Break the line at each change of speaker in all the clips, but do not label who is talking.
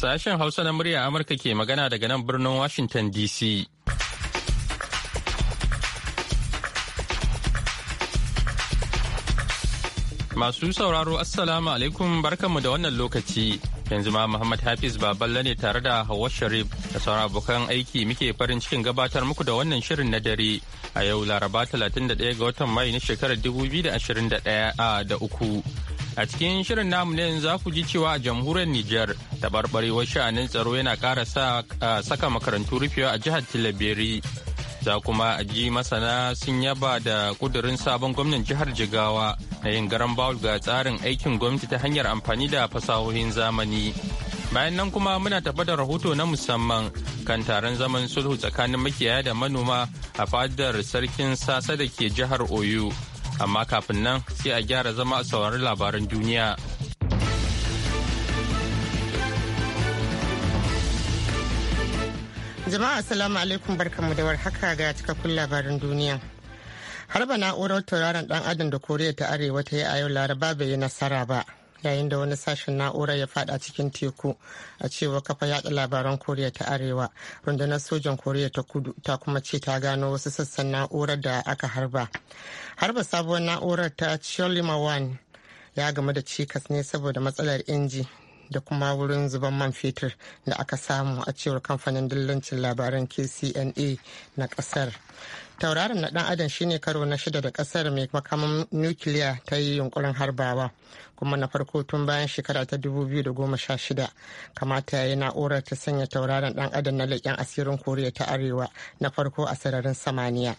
Sashen Hausa na murya Amurka ke magana daga nan birnin Washington DC. Masu sauraro Assalamu alaikum barkanmu da wannan lokaci. Yanzu ma Muhammad Hafiz Baballe ne tare da Hawwa Sharif da sauran abokan aiki muke farin cikin gabatar muku da wannan shirin na dare a yau Laraba 31 ga watan Mayu na shekarar 2021 ah, da uku. A cikin shirin namu ne za ku ji cewa a jamhuriyar Nijar tabarbarewar sha'anin tsaro yana ƙara saka makarantu rufewa a jihar Tilaberi. Za kuma a ji masana sun yaba da ƙudurin sabon gwamnan jihar Jigawa na yin garan bawul ga tsarin aikin gwamnati ta hanyar amfani da fasahohin zamani. Bayan nan kuma muna tafa da rahoto na musamman kan taron zaman sulhu tsakanin makiyaya da manoma a fadar sarkin sasa da ke jihar Oyo. amma kafin nan sai a gyara zama a saurari labaran duniya.
Jama'a Assalamu alaikum barkamu da warhaka ga cikakkun labaran duniya. Harba na'urar tauraron dan adam da Koriya ta Arewa ta yi a yau Laraba bai yi nasara ba. yayin da wani sashen na'urar ya fada cikin teku a cewa kafa yada labaran koriya ta arewa rundunar sojan koriya ta kudu ta kuma ce ta gano wasu sassan na'urar da aka harba harba sabuwar na'urar ta cholima ya gamu da cikas ne saboda matsalar inji da kuma wurin zuban man fetur da aka samu a cewar kamfanin dillancin labaran kcna na kasar tauraron na dan adam shine karo na shida da kasar mai makaman nukiliya ta yi yunkurin harbawa kuma na farko tun bayan shekara ta 2016 kamata ya yi na'urar ta sanya tauraron dan adam na leƙen asirin koriya ta arewa na farko a sararin samaniya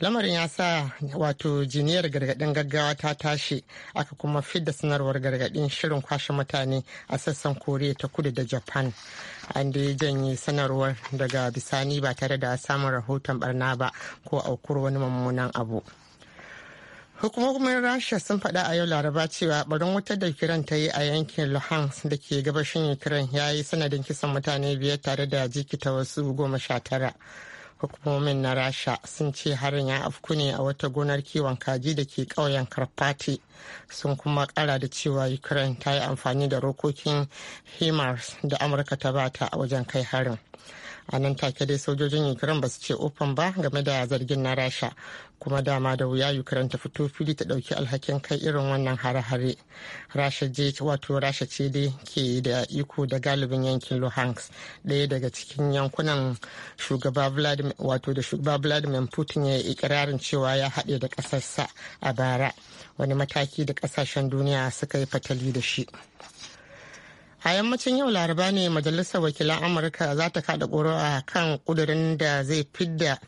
lamarin ya sa wato jiniyar gargadin gaggawa ta tashi aka kuma fidda sanarwar gargadin shirin kwashe mutane a sassan koriya ta kudu da japan an da ya janye sanarwar daga bisani ba tare da samun rahoton barna ba ko aukur wani mummunan abu hukumomin rasha sun faɗa a yau laraba cewa barin wutar da kiran ta yi a yankin luhansk da ke gabashin ukraine ya yi sanadin kisan mutane biyar tare da jikita wasu goma sha tara hukumomin na rasha sun ce harin ya afku ne a wata gonar kiwon kaji da ke ƙauyen karpati sun kuma kara da cewa ukraine ta yi amfani da rokokin himars da amurka ta bata a wajen kai harin a nan take dai sojojin ukraine ba su ce ofan ba game da zargin na rasha kuma dama da wuya ukraine ta fito fili ta dauki alhakin kai irin wannan hare-hare rasha je wato rasha ce dai ke da iko da galibin yankin luhansk ɗaya daga cikin yankunan shugaba vladimir wato da shugaba vladimir putin ya yi ikirarin cewa ya haɗe da ƙasarsa a bara wani mataki da ƙasashen duniya suka yi fatali da shi a yammacin yau laraba ne majalisar wakilan amurka za ta kada ƙuri'a kan ƙudurin da zai fidda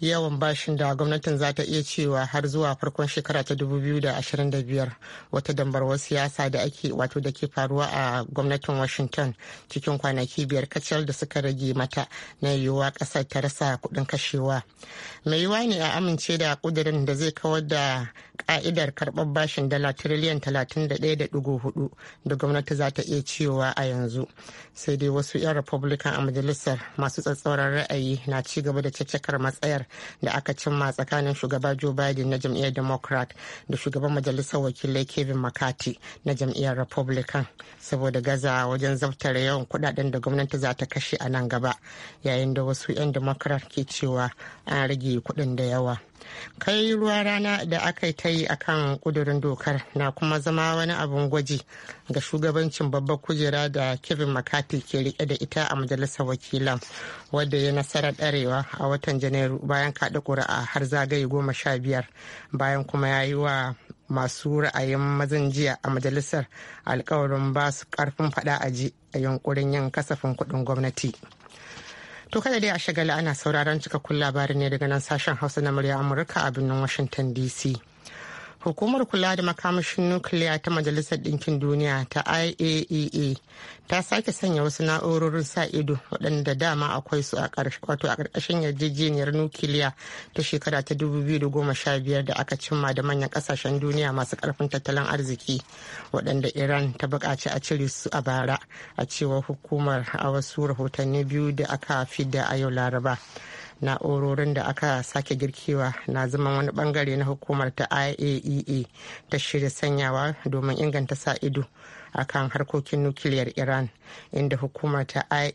yawan bashin da gwamnatin za ta iya cewa har zuwa farkon shekara ta 2025 wata dambarwar siyasa da ake wato da ke faruwa a gwamnatin washington cikin kwanaki biyar kacal da suka rage mata na yiwuwa ƙasar ta rasa kuɗin kashewa mai yiwuwa ne a amince da ƙudurin da zai kawar da ka'idar karɓar bashin dala tiriliyan 31.4 da gwamnati za ta iya ciyowa a yanzu sai dai wasu 'yan republican a majalisar masu tsatsauran ra'ayi na ci gaba da caccakar matsayar da aka cimma tsakanin shugaba joe biden na jam'iyyar democrat da shugaban majalisar wakilai kevin mccarthy na jam'iyyar republican saboda gaza wajen zabtar yawan kudaden da gwamnati za ta kashe a nan gaba yayin da wasu 'yan democrat ke cewa an rage kuɗin da yawa kai ruwa rana da aka ta yi kan kudurin dokar na kuma zama wani abin gwaji ga shugabancin babbar kujera da kevin mccarthy ke rike da ita a majalisar wakilan wadda ya nasarar darewa a watan janairu bayan kaɗa ƙuri'a har zagaye goma sha biyar bayan kuma ya yi wa masu ra'ayin mazan jiya a majalisar alkawarin ba su ƙarfin faɗa a ji a yunkurin yin kasafin kuɗin gwamnati. To kada dai a shagala ana sauraron cikakkun labarin ne daga nan sashen Hausa na murya Amurka a birnin Washington DC. hukumar kula da makamashin nukiliya ta majalisar ɗinkin duniya ta iaea e ta sake sanya wasu na'urorin sa ido waɗanda dama akwai su a ƙarƙashin yarjejeniyar nukiliya ta shekara ta 2015 da aka cimma da manyan ƙasashen duniya masu ƙarfin tattalin arziki waɗanda iran ta buƙaci a cire su a bara a cewar hukumar a wasu rahotanni biyu da aka fi da a yau laraba na'urorin da aka sake girkewa na zama wani bangare na hukumar ta iaea e ta shirya sanyawa domin inganta sa ido a kan harkokin nukiliyar iran inda hukumar ta iaea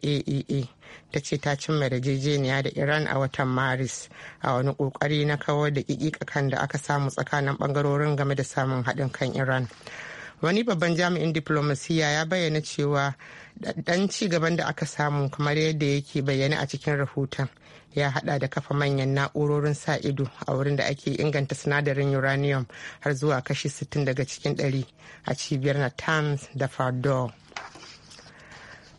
e ta ce ta cimma yarjejeniya da iran a watan maris a wani kokari na kawar da kan da aka samu tsakanin bangarorin game da samun haɗin kan iran wani babban jami'in diplomasiya ya bayyana cewa dan ci gaban da aka samu kamar yadda yake bayyana a cikin rahoton ya hada da kafa manyan na'urorin sa ido a wurin da ake inganta sinadarin uranium har zuwa kashi 60 daga cikin 100 a cibiyar na natanz da fardor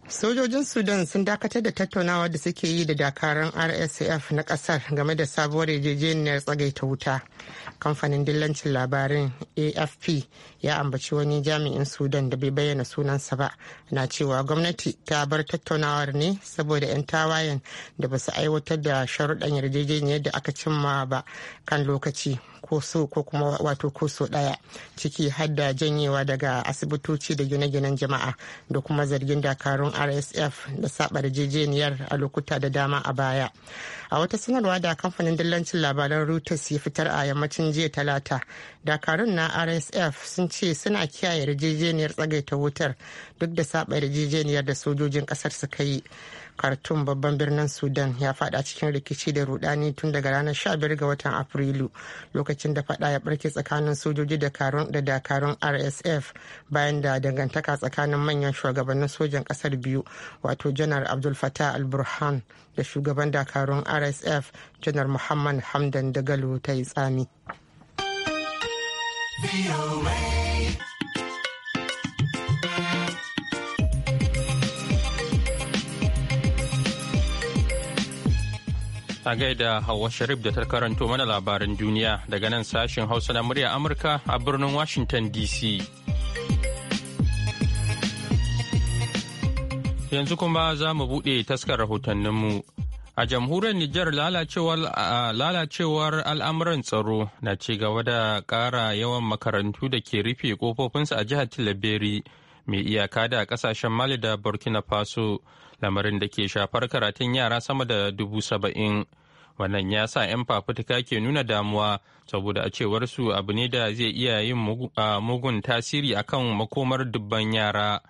sojojin sudan sun dakatar da tattaunawa da suke yi da dakarun rsf na kasar game da sabuwar yarjejeniyar tsagaita wuta kamfanin dillancin labarin afp ya ambaci wani jami'in sudan da bai bayyana sunansa ba na cewa gwamnati ta bar tattaunawar ne saboda 'yan tawayen da ba su aiwatar da sharuɗan yarjejeniyar da aka cimma ba kan lokaci ko so ko kuma wato ko so ɗaya ciki har da janyewa daga asibitoci da gine-ginen jama'a da kuma zargin dakarun rsf da saba yarjejeniyar a lokuta da dama a baya a wata sanarwa da kamfanin dillancin labaran reuters ya fitar a yammacin jiya talata dakarun na rsf sun ce suna kiyaye yarjejeniyar tsagaita wutar duk da saba yarjejeniyar da sojojin kasar suka yi khartoum babban birnin sudan ya fada cikin rikici da rudani tun daga ranar 15 ga watan afrilu lokacin da fada ya barke tsakanin sojoji da dakarun rsf bayan da dangantaka tsakanin manyan shugabannin sojan kasar biyu wato janar abdul fatah al-burhan da shugaban dakarun rsf janar muhammad hamdan dagalo ta yi tsami.
A gaida Hauwa Sharif da ta karanto mana labaran duniya daga nan sashen Hausa na murya Amurka a birnin Washington DC. Yanzu kuma za mu buɗe taskar rahotanninmu. A jamhuriyar Nijar lalacewar al'amuran tsaro na ci gaba da ƙara yawan makarantu da ke rufe kofofinsu a jihar Tilaberi. mai iyaka da kasashen mali da burkina faso lamarin da ke shafar karatun yara sama da dubu saba'in wannan ya sa 'yan fafutuka ke nuna damuwa saboda a cewar su abu ne da zai iya yin mugun tasiri akan makomar dubban yara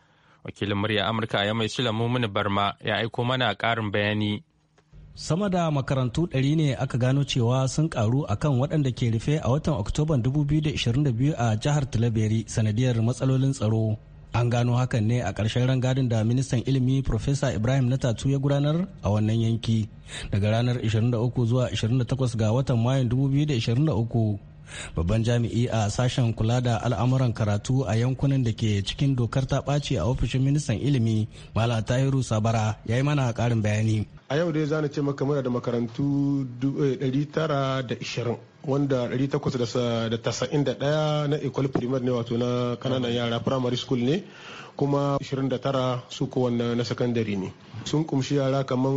wakilin murya amurka ya mai sula mumuni barma ya aiko mana karin bayani
sama da makarantu ɗari ne aka gano cewa sun karu akan waɗanda ke rufe a watan oktoban 2022 a jihar talaberi sanadiyar matsalolin tsaro an gano hakan ne a ƙarshen rangadin da ministan ilimi profesa ibrahim natatu ya gudanar a wannan yanki daga ranar 23 zuwa 28 ga watan mayun 2023 babban jami'i a sashen kula da al'amuran karatu a yankunan da ke cikin dokar ta ɓaci a ofishin ministan ilimi mala tahiru sabara ya yi mana karin bayani
a yau dai za ce maka muna da makarantu 920 eh, wanda 891 na ecole primaire ne wato na kananan yara primary school ne kuma 29 su kowanne na secondary ne sun kumshi yara kaman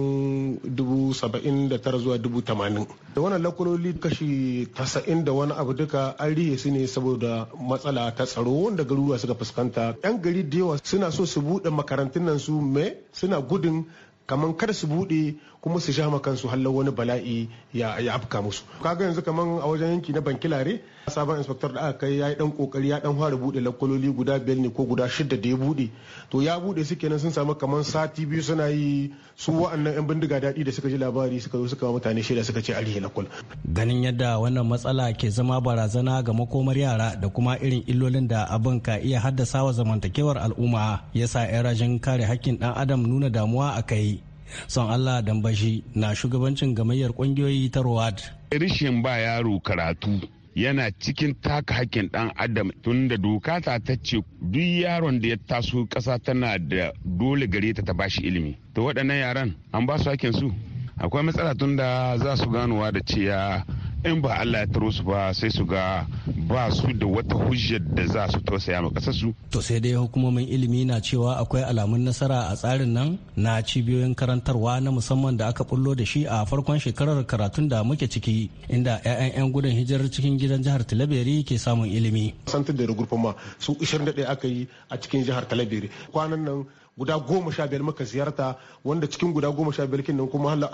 79 zuwa 80 da wannan lakuloli kashi 90 da wani abu duka an riye su ne saboda matsala ta tsaro wanda garuruwa suka fuskanta yan gari da yawa suna so su buɗe makarantun nan su me suna gudun kamar kada su buɗe kuma su sha kansu hallar wani bala'i ya afka musu kaga yanzu kaman a wajen yanki na bankilare sabon inspector da aka kai ya yi dan kokari ya dan fara bude lakwaloli guda biyar ne ko guda shida da ya bude to ya bude su kenan sun samu kamar sati biyu suna yi su wa'annan yan bindiga daɗi da suka ji labari suka zo suka mutane shida suka ce arihe lakwal
ganin yadda wannan matsala ke zama barazana ga makomar yara da kuma irin illolin da abin ka iya haddasa wa zamantakewar al'umma yasa yan rajin kare hakkin dan adam nuna damuwa a kai son allah dambashi na shugabancin
gamayyar kungiyoyi ta rowad rishin ba yaro karatu yana cikin taka hakkin dan adam tun da doka ta ta ce duk yaron da ya taso kasa tana da dole gare ta ta bashi ilimi to waɗannan yaran an ba su hakkin su akwai matsala tun da za su ganowa da ciya in ba Allah ya taro su ba sai su ga ba su da wata hujjar da za su tausaya ma kasar su
to sai dai hukumomin ilimi na cewa akwai alamun nasara a tsarin nan na cibiyoyin karantarwa na musamman da aka bullo da shi a farkon shekarar karatun da muke ciki inda 'ya'yan 'yan gudun hijirar cikin gidan jihar Talabiri ke samun
ilimi santar da ma su 21 aka yi a cikin jihar Talabiri kwanan nan guda goma sha biyar muka ziyarta wanda cikin guda goma sha biyar kinnan kuma hala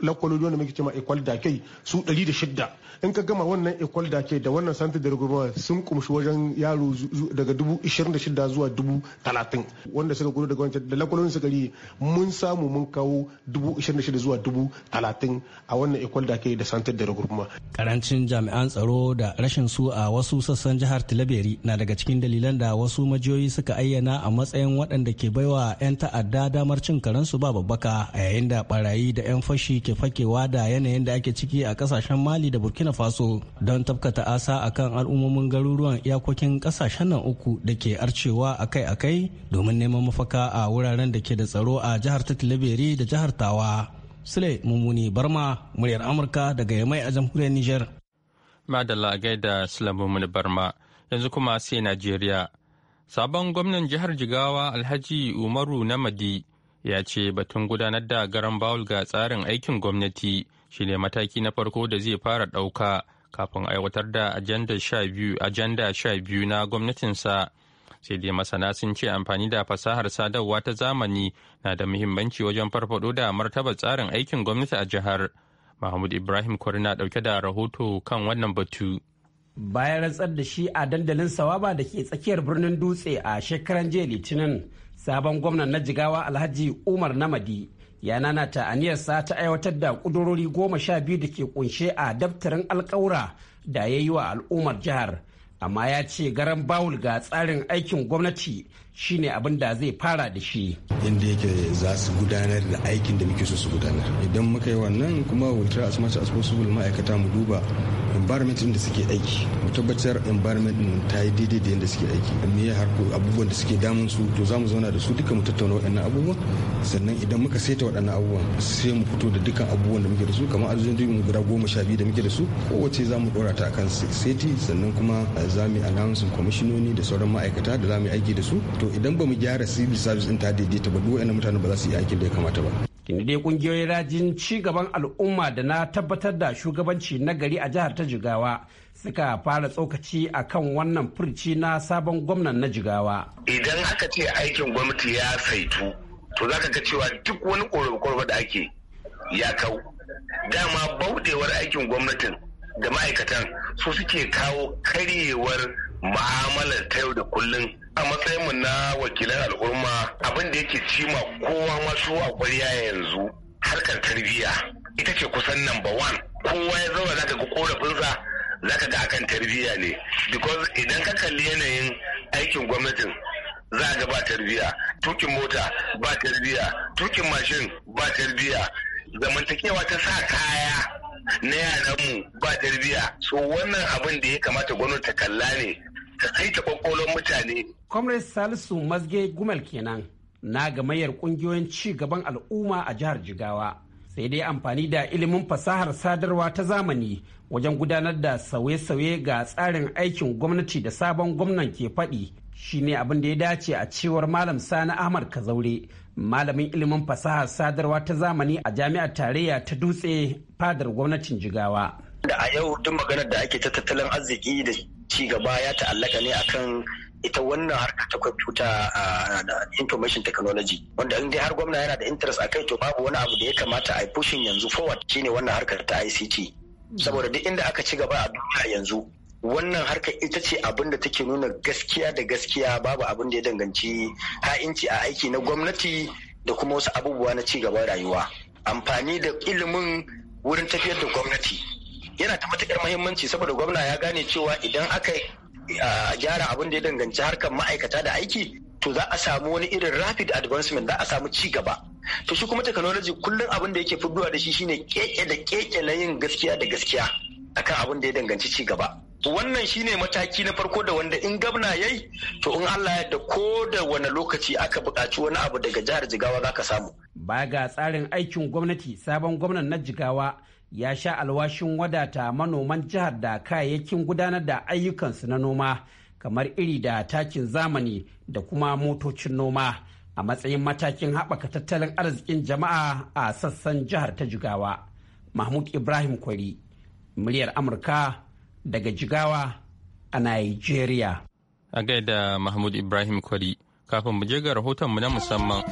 lakwaloli wanda muke cewa ekwal da kai su ɗari da shidda in ka gama wannan ekwal da kai da wannan santa da rigoma sun kumshi wajen yaro daga dubu ishirin da shidda zuwa dubu talatin wanda suka gudu daga wancan da lakwalolin suka yi mun samu mun kawo dubu ishirin da shida zuwa dubu talatin a wannan ekwal da kai da santa da rigoma.
karancin jami'an tsaro da rashin su a wasu sassan jihar tilaberi na daga cikin dalilan da wasu majiyoyi suka ayyana a matsayin waɗanda ke baiwa baiwa 'yan ta'adda damar cin karensu ba babbaka a yayin da barayi da 'yan fashi ke fakewa da yanayin da ake ciki a kasashen mali da burkina faso don tafkata asa kan al'ummomin garuruwan iyakokin kasashen nan uku da ke arcewa akai-akai domin neman mafaka a wuraren da ke da tsaro a jihar ta da jihar tawa sule mummuni barma muryar amurka daga yamai a jamhuriyar niger
madalla gaida sule mummuni barma yanzu kuma sai najeriya Sabon gwamnan jihar Jigawa Alhaji Umaru Namadi ya ce batun gudanar da garan bawul ga tsarin aikin gwamnati shine mataki na farko da zai fara ɗauka kafin aiwatar da ajanda sha biyu na gwamnatinsa. sai dai masana sun ce amfani da fasahar sadarwa ta zamani na da muhimmanci wajen farfado da martabar tsarin aikin gwamnati a jihar mahmud ibrahim kwari na dauke da rahoto kan wannan batu
bayan rantsar da shi a dandalin sawaba da ke tsakiyar birnin dutse a shekaran jiya litinin sabon gwamnan na jigawa alhaji umar namadi ya nanata aniyarsa ta aiwatar da kudurori goma sha biyu da ke kunshe a daftarin alkaura da ya yi wa al'ummar jihar amma ya ce garan bawul ga tsarin aikin gwamnati shine abin da zai fara da shi
inda yake za su gudanar da aikin da muke so su gudanar idan muka yi wannan kuma wultar as much as possible ma'aikata mu duba environment da suke aiki mu tabbatar environment din ta yi daidai da yadda suke aiki me ya harko abubuwan da suke damun su to za mu zauna da su duka mu tattauna waɗannan abubuwan sannan idan muka saita waɗannan abubuwan sai mu fito da dukkan abubuwan da muke da su kamar arzikin mu guda goma sha biyu da muke da su kowace za mu ɗora ta akan seti sannan kuma eh, za mu yi announcing kwamishinoni da sauran ma'aikata da za mu yi aiki da su to idan ba mu gyara civil service din ta daidaita ba duk mutane ba za su yi aikin da ya kamata ba
tuni dai kungiyoyin rajin ci gaban al'umma da na tabbatar da shugabanci na gari a jihar ta jigawa suka fara tsokaci a kan wannan furci na sabon gwamnan na jigawa
idan haka ce aikin gwamnati ya saitu to za ka ga cewa duk wani korobe da ake ya kau dama baudewar aikin gwamnatin da ma'aikatan
su suke kawo
karyewar mu'amalar ta yau da kullum a matsayin mu na wakilan al'umma
abin da yake cima kowa masu a ƙwarya yanzu harkar tarbiyya ita ce
kusan number one kowa ya zauna zaka ga korafinsa zaka ga akan tarbiyya ne
because idan ka kalli yanayin aikin gwamnatin za ga ba tarbiyya tukin mota ba tarbiyya tukin mashin ba tarbiyya zamantakewa ta sa kaya
na yaranmu ba tarbiyya so wannan abin da ya kamata gwamnati ta kalla ne ta saita kwakwalon mutane.
Comrade Salisu Mazge Gumel kenan na gamayyar kungiyoyin ci gaban al'umma a jihar Jigawa. Sai dai amfani da ilimin fasahar sadarwa ta zamani wajen gudanar da sauye-sauye ga tsarin aikin gwamnati da sabon gwamnan ke faɗi shine abin da ya dace a cewar Malam Sani Ahmad Kazaure malamin ilimin fasaha sadarwa ta zamani a jami'ar tarayya ta dutse fadar gwamnatin jigawa.
Da a yau duk maganar da ake ta tattalin arziki da ci
gaba ya ta'allaka ne akan ita wannan harka ta kwamfuta a information technology wanda in dai har gwamna yana da interest a kai to babu wani abu da ya kamata a pushing yanzu forward shine wannan harkar ta ICT saboda duk inda aka ci gaba a duniya yanzu wannan harkar ita ce abin da take nuna gaskiya da gaskiya babu abin da ya danganci ha'inci a aiki na gwamnati da kuma wasu abubuwa na cigaban rayuwa amfani da ilimin wurin tafiyar da gwamnati yana ta matukar mahimmanci saboda gwamna ya gane cewa idan aka gyara abin da ya danganci harkar ma'aikata da aiki to za a samu wani irin rapid advancement za a samu ci gaba to shi kuma technology kullum abin da yake fuduwa da shi shine keke da keke na yin gaskiya da gaskiya akan abin da ya danganci ci gaba wannan shine mataki na farko da wanda in gabna yayi to in Allah ya da ko da wani lokaci aka buƙaci wani
abu daga jihar Jigawa zaka samu
Ba ga tsarin aikin gwamnati sabon gwamnan na Jigawa ya sha alwashin wadata manoman jihar da kayayyakin gudanar da ayyukansu na noma kamar iri da takin zamani da kuma motocin noma a matsayin matakin haɓaka tattalin arzikin jama'a a sassan jihar ta Jigawa Mahmud Ibrahim Kwari muryar Amurka daga Jigawa a
Nigeria. A gaida Mahmud Ibrahim Kwari, kafin mu je ga rahotonmu na musamman.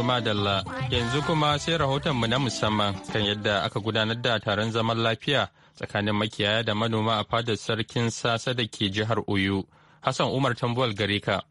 To dalla yanzu kuma sai rahotonmu na musamman kan yadda aka gudanar da taron zaman lafiya tsakanin makiyaya da manoma a fadar sarkin sasa da ke jihar Oyo. Hassan Umar Tambuwal gare ka.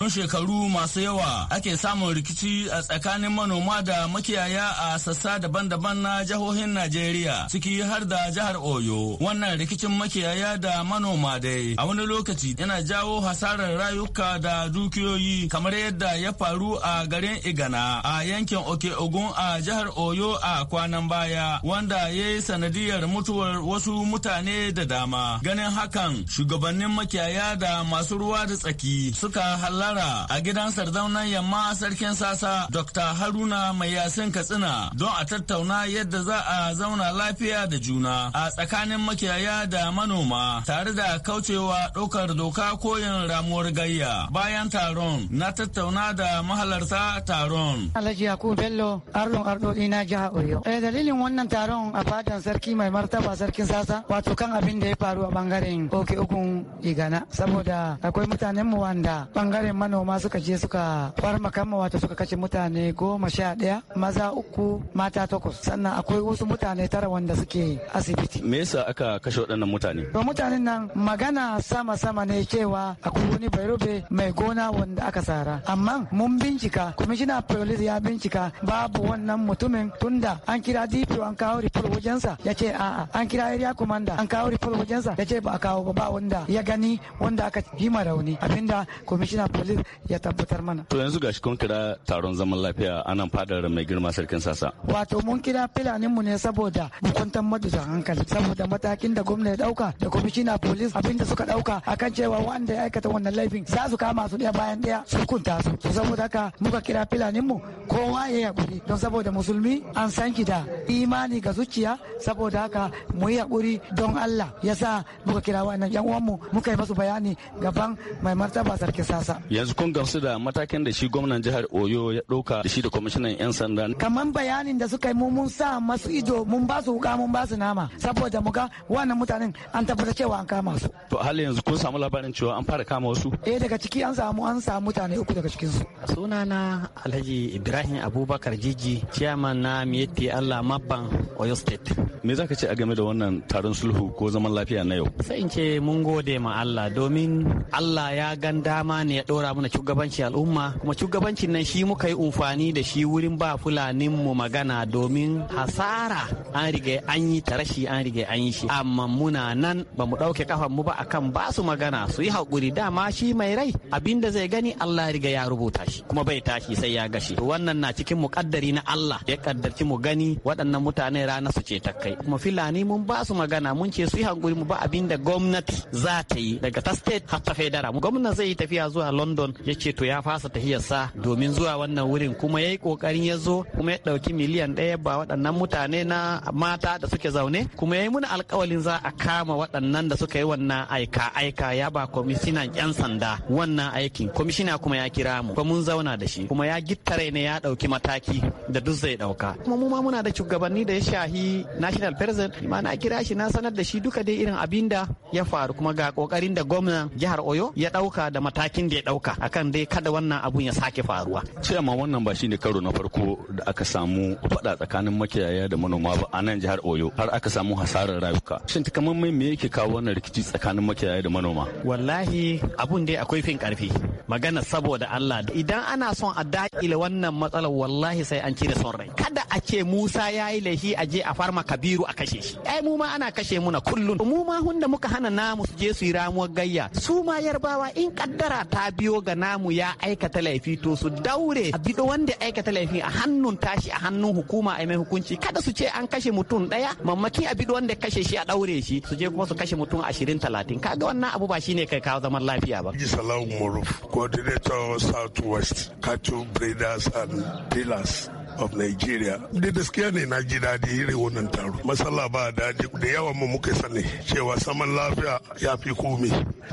Tun shekaru masu yawa ake samun rikici a tsakanin manoma da makiyaya a sassa daban-daban na jihohin Najeriya ciki har da jihar Oyo. Wannan rikicin makiyaya da manoma dai a wani lokaci yana jawo hasarar rayuka da dukiyoyi kamar yadda ya faru a garin Igana a yankin Oke Ogun a jihar Oyo a kwanan baya wanda ya yi sanadiyar mutuwar wasu mutane da dama. Ganin hakan shugabannin makiyaya da masu ruwa da tsaki suka halla ziyara a gidan sardaunan yamma sarkin sasa Dr. Haruna Mai Yasin Katsina don a tattauna yadda za a zauna lafiya da juna a tsakanin makiyaya da manoma tare da kaucewa ɗaukar doka koyan ramuwar gayya. Bayan taron na tattauna da mahalarta taron.
Alhaji Yakubu Bello, Arlon Ardo na jiha Oyo. Eh dalilin wannan taron a fadan sarki mai martaba sarkin sasa wato kan abin da ya faru a bangaren Oke ukun Igana saboda akwai mutanenmu wanda bangaren manoma suka je suka farma kama wato suka kace mutane goma sha ɗaya maza uku mata takwas sannan akwai wasu mutane tara wanda suke
asibiti. Me yasa aka kashe waɗannan mutane?
To mutanen nan magana sama sama ne cewa akwai wani bairobe mai gona wanda aka sara amma mun bincika kwamishina police ya bincika babu wannan mutumin tunda an kira DPO an kawo report wajensa ya ce a'a an kira area commander an kawo report wajensa ya ce ba a kawo ba wanda ya gani wanda aka yi rauni abinda kwamishina police abdulaziz ya tabbatar mana
to yanzu gashi kun kira taron zaman lafiya anan fadar mai girma sarkin sasa
wato mun kira filanin mu ne saboda bukuntan madusan hankali saboda matakin da gwamnati dauka da kwamishina police abinda suka dauka akan cewa wanda ya aikata wannan laifin za su kama su daya bayan daya su kunta su saboda haka muka kira filanin mu kowa ya yakuri don saboda musulmi an san ki da imani ga zuciya saboda haka mu yi hakuri don Allah ya yasa muka kira wannan yan uwanmu muka yi masu bayani gaban mai martaba sarkin sasa
yanzu kun gamsu da matakin da shi gwamnan jihar oyo ya ɗauka da shi da kwamishinan 'yan sanda
kamar bayanin da suka yi mu mun sa masu ido mun ba su wuka mun ba su nama saboda mu ga wannan mutanen an tabbata cewa an kama su
to hali yanzu kun samu labarin cewa an fara kama
wasu
eh daga ciki an samu an samu mutane uku daga cikin su sunana
alhaji ibrahim abubakar jiji chairman na miyetti allah mabban oyo state me zaka ce a game da
wannan taron sulhu ko zaman lafiya na yau
sai in ce mun gode ma allah domin allah ya gan dama ne ya ɗora mana shugabanci al'umma kuma shugabancin nan shi muka yi umfani da shi wurin ba fulanin mu magana domin hasara an riga an yi ta rashi an riga an yi shi amma muna nan ba mu ɗauke kafan mu ba akan ba su magana su yi haƙuri dama shi mai rai abinda zai gani Allah riga ya rubuta shi kuma bai tashi sai ya gashi to wannan na cikin muƙaddari na Allah ya kaddarci mu gani waɗannan mutane rana su ce ta kai kuma filani mun ba su magana mun ce su yi hakuri mu ba abinda gwamnati za ta yi daga ta state har ta federal gwamnati zai yi tafiya zuwa London london ya ce to ya fasa tahiyarsa domin zuwa wannan wurin kuma ya yi kokarin ya zo kuma ya ɗauki miliyan ɗaya ba waɗannan mutane na mata da suke zaune kuma ya yi muna alkawalin za a kama waɗannan da suka yi wannan aika aika ya ba kwamishinan yan sanda wannan aikin kwamishina kuma ya kira mu kuma mun zauna da shi kuma ya gittare ne ya ɗauki mataki da duk zai ɗauka kuma mu ma muna da shugabanni da ya shahi national president ma na kira shi na sanar da shi duka dai irin abin da ya faru kuma ga kokarin da gwamnan jihar oyo ya ɗauka da matakin da ya ɗauka ɗauka akan dai kada wannan abun ya sake faruwa.
Cewa wannan ba ne karo na farko da aka samu faɗa tsakanin makiyaya da manoma ba a nan jihar Oyo har aka samu hasarar rayuka. Shin takamaiman me yake kawo wannan rikici tsakanin makiyaya da manoma?
Wallahi abun dai akwai fin karfi. magana saboda Allah idan ana son a daƙile wannan matsalar wallahi sai an cire son rai kada a ce Musa ya yi laifi a je a farma Kabiru a kashe shi ai mu ma ana kashe muna kullum mu ma hunda muka hana namu su je su yi ramuwar gayya su ma yarbawa in kaddara ta biyo biyo ga namu ya aikata laifi to su daure a bido wanda aikata laifi a hannun tashi a hannun hukuma a mai hukunci kada su ce an kashe mutum daya mamaki a bido wanda kashe shi a daure shi su je kuma su kashe mutum ashirin talatin kaga wannan abu ba shine kai kawo zaman lafiya ba.
Salamu Moruf, Coordinator west Cattle Breeders and Dealers. of Nigeria. Da gaskiya ne na ji daɗi irin wannan taro. Masala ba daɗi da yawan mu muka sani cewa saman lafiya ya fi komi.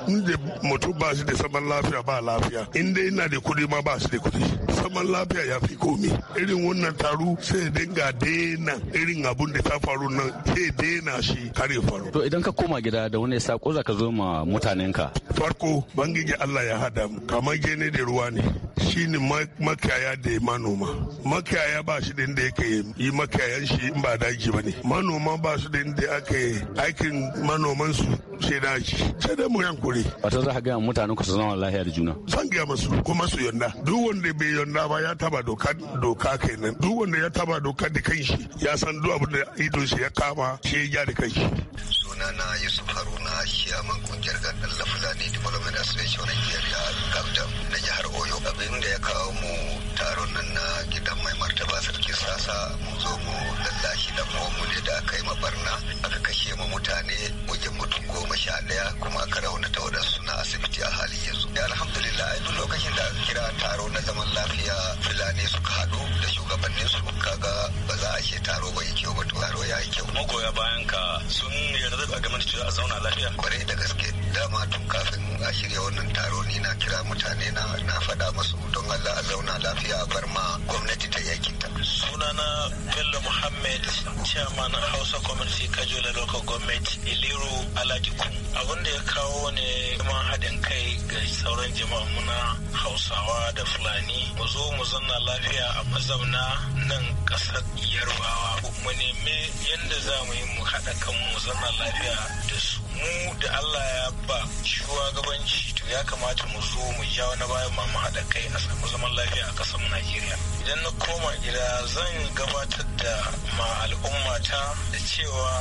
Inda mutum ba shi da saman lafiya ba lafiya. Inda yana da kuɗi ma ba shi da kuɗi. Saman lafiya ya fi komi. Irin wannan taro sai dinga daina irin abun da ta faru nan sai daina shi kare faru.
To idan ka koma gida da wani sako zaka ka zo ma mutanenka.
Farko bangiji Allah ya hada mu kamar gene da ruwa ne shine makiyaya da manoma. Makiyaya kaya ba shi da yake yi makayan shi in ba daji ba ne manoma ba su da inda yi aikin manoman su sai daji sai da mu yankuri
wata za ka gaya mutanen ku su zama lahiya da juna
zan gaya masu kuma su yanda duk wanda bai yanda ba ya taba doka doka kenan duk wanda ya taba doka da kanshi ya san duk abin da idon shi ya kama shi ya da kanshi sunana yusuf haruna shiyaman kungiyar gandun fulani development association
nigeria gabdam na jihar oyo abin da ya kawo mu taron nan na gidan mai martaba sarki sasa mu zo mu lallashi da mu ne da aka yi mabarna aka kashe mu mutane wajen mutum goma sha daya kuma aka raunata waɗansu suna asibiti a halin yanzu alhamdulillah a duk lokacin da aka kira taro na zaman lafiya fulani suka haɗu da shugabannin su kaga ba za a ce taro bai kyau ba taro ya yi kyau magoya bayan ka sun yarda da game cewa a zauna lafiya kwarai da gaske dama tun kafin a shirya wannan taro ni na kira mutane na na faɗa musu don Allah a zauna lafiya a bar ma sunana bello muhammed chairman hausa community Kajula local
government iliru aladikun abin da ya kawo ne neman haɗin kai ga sauran jama'a na hausawa da fulani mu zo mu zanna lafiya a mazauna nan ƙasar yarbawa mu nemi yadda za mu yi mu haɗa kan mu zanna lafiya da su mu da Allah ya ba shugabanci to ya kamata mu zo mu jawo na bayan mamu haɗa kai a samu zaman lafiya a ƙasar Najeriya. Idan na koma gida zan gabatar da ma al'ummata da cewa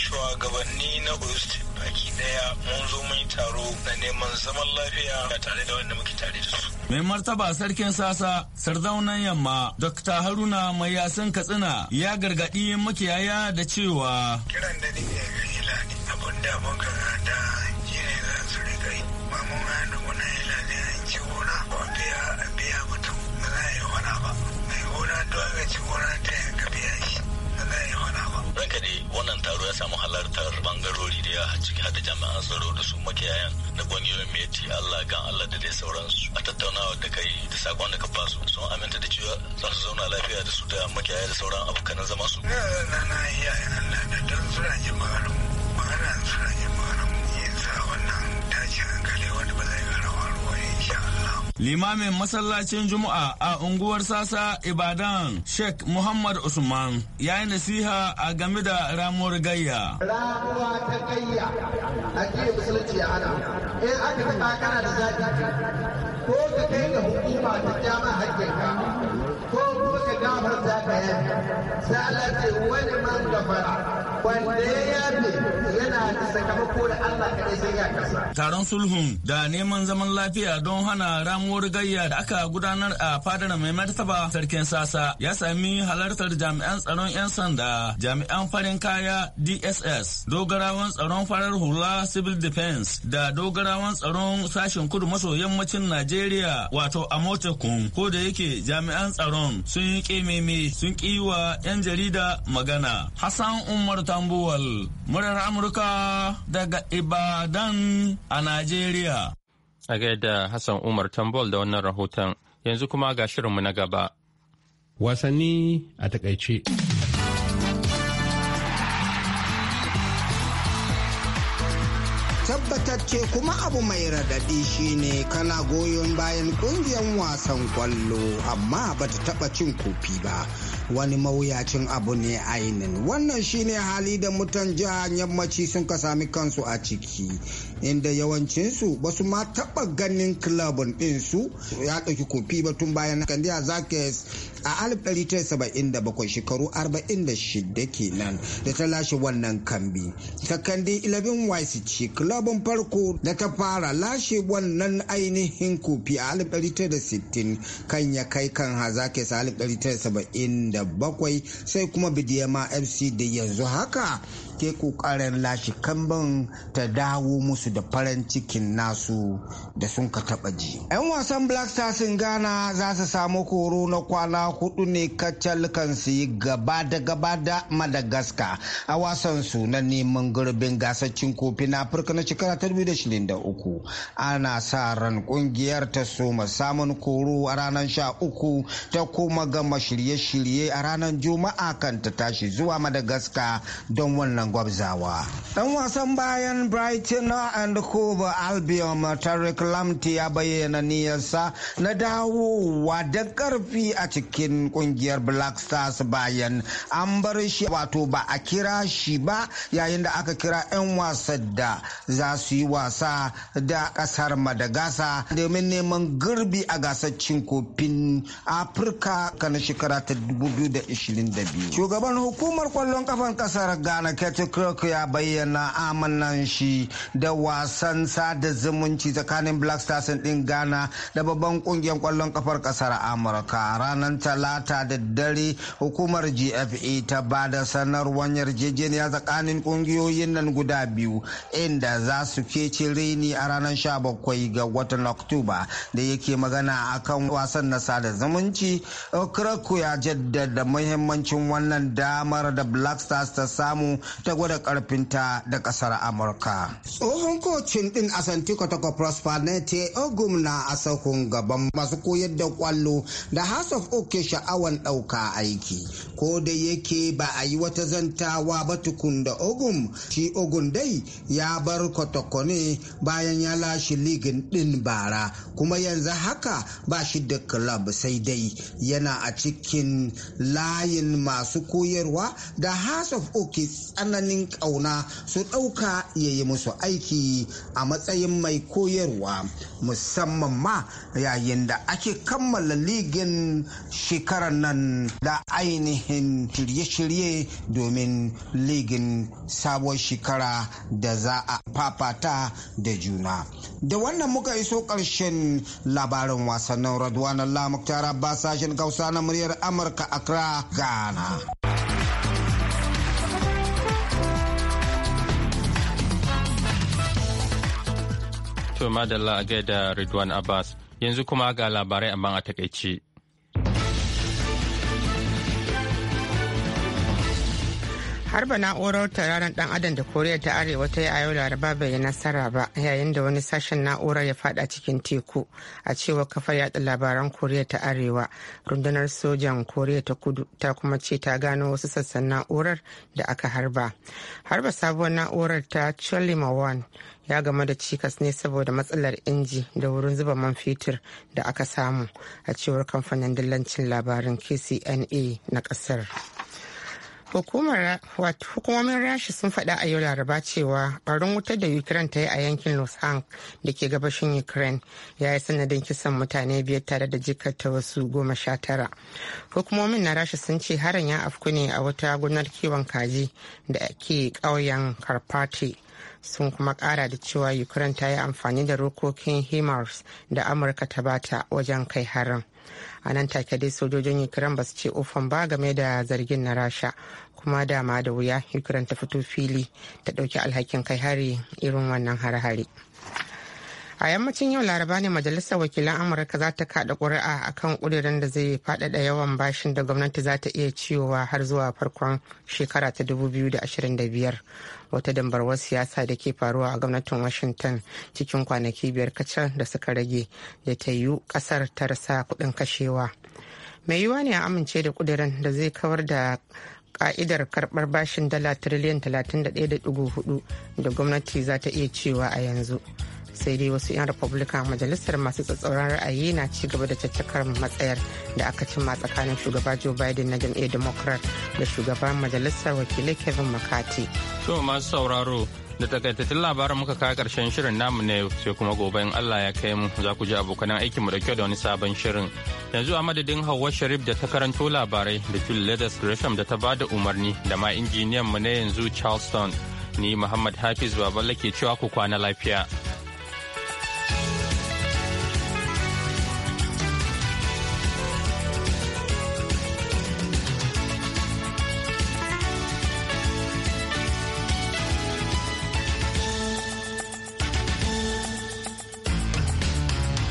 shugabanni na Oyo State baki daya mun zo mun yi taro na neman zaman lafiya
tare da wanda muke tare da su.
Mai martaba sarkin sasa sardaunan yamma Dr. Haruna mai yasan Katsina ya gargaɗi makiyaya da cewa. Kiran da ni da abokan hada shine za su riga yi mamun
hannu muna yi lalai an ci gona ko biya biya mutum ba za a yi wana ba mai gona
don ga ci gona ta ka biya shi ba za a yi wana ba. ranka dai wannan taro ya samu halartar
bangarori da ya ciki hada jami'an tsaro da su makiyayan da ƙungiyoyin meti allah gan allah da dai sauransu a tattaunawa da kai da sakon da ka ba su sun aminta da cewa za su zauna lafiya da su da makiyaya da sauran abokanan zama su.
na na iya yana
limamin masallacin juma'a a unguwar sasa ibadan sheikh muhammad usman ya yi nasiha a game da ramuwar gayya
ramuwa ta gayya a jiya musulunci a ana in aka taɓa kana da zaɓi
ko ka kai ga hukuma ta jama hakkinka ko kuma ka gafar za ka yi sai Allah ce wani man gafara wanda ya yabe
yana da sakamako da
Taron sulhun da neman zaman lafiya don hana ramuwar gayya da aka gudanar a fadar mai martaba sarkin sasa ya sami halartar jami'an tsaron 'yan sanda, jami'an farin kaya DSS, dogarawan tsaron farar hula civil defense da dogarawan tsaron sashen kudu maso yammacin Najeriya wato Amotekun ko da yake jami'an tsaron sun yi kememe sun kiwa 'yan jarida magana. Hassan Umar Tambuwal, murar Amurka daga Ibadan
a Najeriya. A gaida Hassan Umar Tambol da wannan rahoton yanzu kuma ga shirinmu na gaba. Wasanni a takaice.
tabbatacce kuma abu mai radadi shine kana goyon bayan ƙungiyar wasan kwallo amma bata taɓa cin kofi ba wani mawuyacin abu ne ainin wannan shine hali da mutan jihar yammaci sun ka sami kansu a ciki inda yawancinsu ba su ma taɓa ganin kilabin ɗinsu ya ɗauki kofi ba tun bayan kandiyar zakes a 1977 shekaru 46 kenan da ta lashe wannan kambi takandi 11 wise ce kulabin farko da ta fara lashe wannan ainihin kofi a 1960 kan ya kai kan hazake a 1977 sai kuma bidiyama fc da yanzu haka ta yi lashe kambin ta dawo musu da farin cikin nasu da sun ka taba ji. 'Yan wasan Black Stars in Ghana za su samu horo na kwana hudu ne kacal kan su yi gaba da gaba da Madagascar a wasan su na neman gurbin gasar cin kofi na Afirka na shekara ta 2023. Ana sa ran kungiyar ta soma samun koro a ranar sha uku ta kuma gama shirye-shirye a ranar Juma'a kan ta tashi zuwa Madagascar don wannan gwabzawa. ɗan wasan bayan Brighton and Hove Albion Tarek Lamti ya bayyana niyarsa na dawowa da karfi a cikin ƙungiyar Black Stars bayan an bar shi wato ba a kira shi ba yayin da aka kira 'yan wasa da za su yi wasa da kasar Madagasa domin neman girbi a gasar cin kofin Afirka kana shekara ta 2022. Shugaban hukumar kwallon kafan kasar Ghana ket Kirk ya bayyana amannan shi da wasan sada zumunci tsakanin Black Stars ɗin Ghana da babban kungiyar kwallon kafar kasar Amurka. Ranar Talata da dare hukumar GFA e ta ba da sanarwar yarjejeniya tsakanin kungiyoyin nan guda biyu inda za su cire reni a ranar 17 ga watan Oktoba da yake magana akan wasan na sada zumunci. Kirk ya jaddada muhimmancin wannan damar da Black Stars ta samu ta ta gwada karfinta da kasar amurka tsohon kocin din asanti kotoko prosper nete ogum na asakun gaban masu koyar da kwallo da house of oke sha'awan ɗauka aiki ko da yake ba a yi wata zantawa ba tukun da ogum shi ogun dai ya bar kotoko ne bayan ya lashe ligin din bara kuma yanzu haka ba shi da club sai dai yana a cikin layin masu koyarwa da house of oke tsan tsananin ƙauna su ɗauka ya yi musu aiki a matsayin mai koyarwa musamman ma yayin da ake kammala ligin shekarar nan da ainihin shirye-shirye domin ligin sabuwar shekara da za a fafata da juna da wannan muka iso ƙarshen labarin wasannin raduwa na lamuktara ba sashen kausa na muryar amurka accra ghana
To madalla a gaida Ridwan Abbas yanzu kuma ga labarai amma a takaice.
harba na'urar tauraron dan adam da koriya ta arewa ta yi a yau laraba bai yi nasara ba yayin da wani sashen na'urar ya fada cikin teku a cewar kafar yada labaran koriya ta arewa rundunar sojan koriya ta kudu ta kuma ce ta gano wasu sassan na'urar da aka harba harba sabuwar na'urar ta cholima one ya game da cikas ne saboda matsalar inji da wurin zuba man fetur da aka samu a cewar kamfanin dillancin labarin kcna na kasar. hukumomin rashi sun faɗa a yau laraba cewa barin wutar da ukraine ta yi a yankin hank da ke gabashin ukraine ya yi sanadin kisan mutane biyar tare da jikata wasu goma sha tara hukumomin na rashi sun ce harin ya afku ne a wata gunar kiwon kaji da ke ƙauyen karpati sun kuma kara da cewa ukraine ta yi amfani da rokokin himars da amurka ta bata wajen kai harin a nan take dai sojojin ukraine ba su ce ofan ba game da zargin na rasha kuma dama da wuya ukraine ta fito fili ta dauki alhakin kai hari irin wannan hare-hare. a yammacin yau laraba ne majalisar wakilan amurka za ta kada ƙuri'a kan ƙudurin da zai faɗaɗa yawan bashin da gwamnati za ta iya ciyowa har zuwa farkon shekara ta 2025 wata dambarwar siyasa da ke faruwa a gwamnatin washington cikin kwanaki biyar kacal da suka rage da ta yiwu ƙasar ta rasa kuɗin kashewa mai yiwuwa ne a amince da ƙudurin da zai kawar da ka'idar karbar bashin dala tiriliyan 31.4 da gwamnati za ta iya cewa a yanzu sai dai wasu 'yan republican majalisar masu tsatsauran ra'ayi na ci gaba da caccakar matsayar da aka cimma tsakanin shugaba joe biden na jam'iyyar democrat da shugaban majalisar wakilai kevin mccarthy
to masu sauraro da takaitattun labaran muka kawo karshen shirin namu ne sai kuma gobe in allah ya kai mu za ku ji abokanan mu da kyau da wani sabon shirin yanzu a madadin hawa sharif da ta karanto labarai da phil ladas gresham da ta ba da umarni da ma injiniyan mu ne yanzu charleston ni muhammad hafiz baballa ke cewa ku kwana lafiya